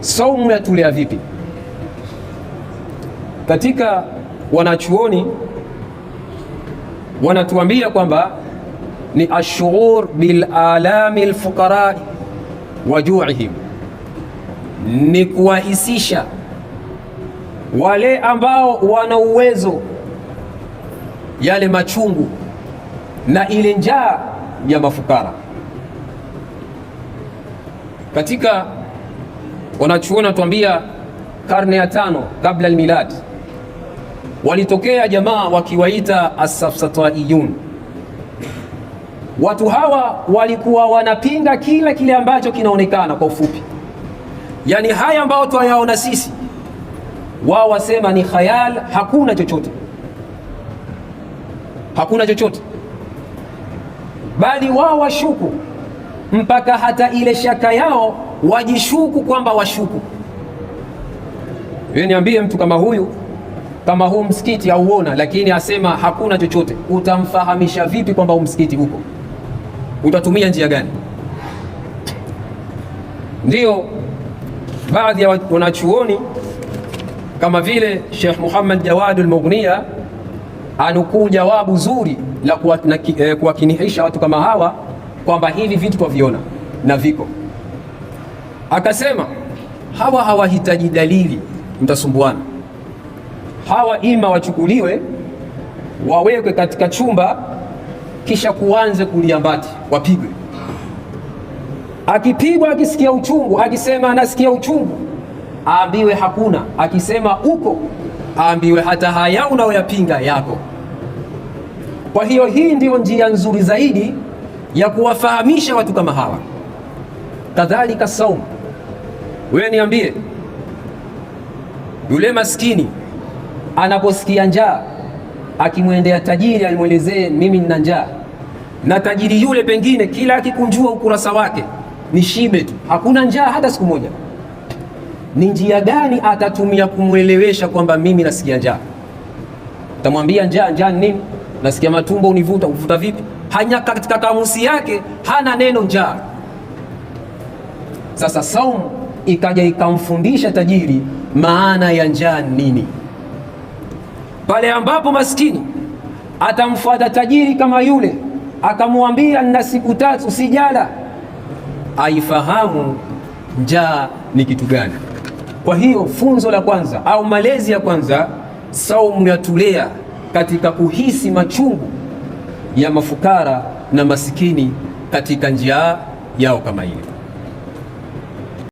Saumu yatulea vipi? Katika wanachuoni wanatuambia kwamba ni ashuur bil alami lfuqarai wa juihim, ni kuwahisisha wale ambao wana uwezo yale machungu na ile njaa ya mafukara katika Wanachuoni wanatuambia karne ya tano kabla almiladi walitokea jamaa wakiwaita assafsataiyun Watu hawa walikuwa wanapinga kila kile ambacho kinaonekana. Kwa ufupi, yaani haya ambayo twayaona sisi, wao wasema ni khayal, hakuna chochote, hakuna chochote, bali wao washuku mpaka hata ile shaka yao wajishuku kwamba washuku. Wewe niambie mtu kama huyu kama huu msikiti auona, lakini asema hakuna chochote, utamfahamisha vipi kwamba huu msikiti huko? Utatumia njia gani? Ndiyo baadhi ya wanachuoni kama vile Sheikh Muhammad Jawad al-Mughniya anukuu jawabu zuri la eh, kuwakinihisha watu kama hawa kwamba hivi vitu twaviona na viko. Akasema hawa hawahitaji dalili, mtasumbuana. Hawa ima wachukuliwe wawekwe katika chumba, kisha kuanze kulia mbati wapigwe. Akipigwa akisikia uchungu, akisema anasikia uchungu, aambiwe hakuna, akisema uko aambiwe hata haya unayoyapinga yako. Kwa hiyo hii ndiyo njia nzuri zaidi ya kuwafahamisha watu kama hawa. Kadhalika saum, wewe niambie, yule maskini anaposikia njaa akimwendea tajiri alimwelezee mimi nina njaa, na tajiri yule pengine kila akikunjua ukurasa wake ni shibe tu, hakuna njaa hata siku moja. Ni njia gani atatumia kumwelewesha kwamba mimi nasikia njaa? Utamwambia njaa, njaa ni nini? Nasikia matumbo univuta. Uvuta vipi? hanya katika kamusi yake hana neno njaa. Sasa saumu ikaja ikamfundisha tajiri maana ya njaa nini, pale ambapo maskini atamfuata tajiri kama yule akamwambia na siku tatu sijala, aifahamu njaa ni kitu gani. Kwa hiyo funzo la kwanza au malezi ya kwanza, saumu yatulea katika kuhisi machungu ya mafukara na masikini katika njia yao kama ile.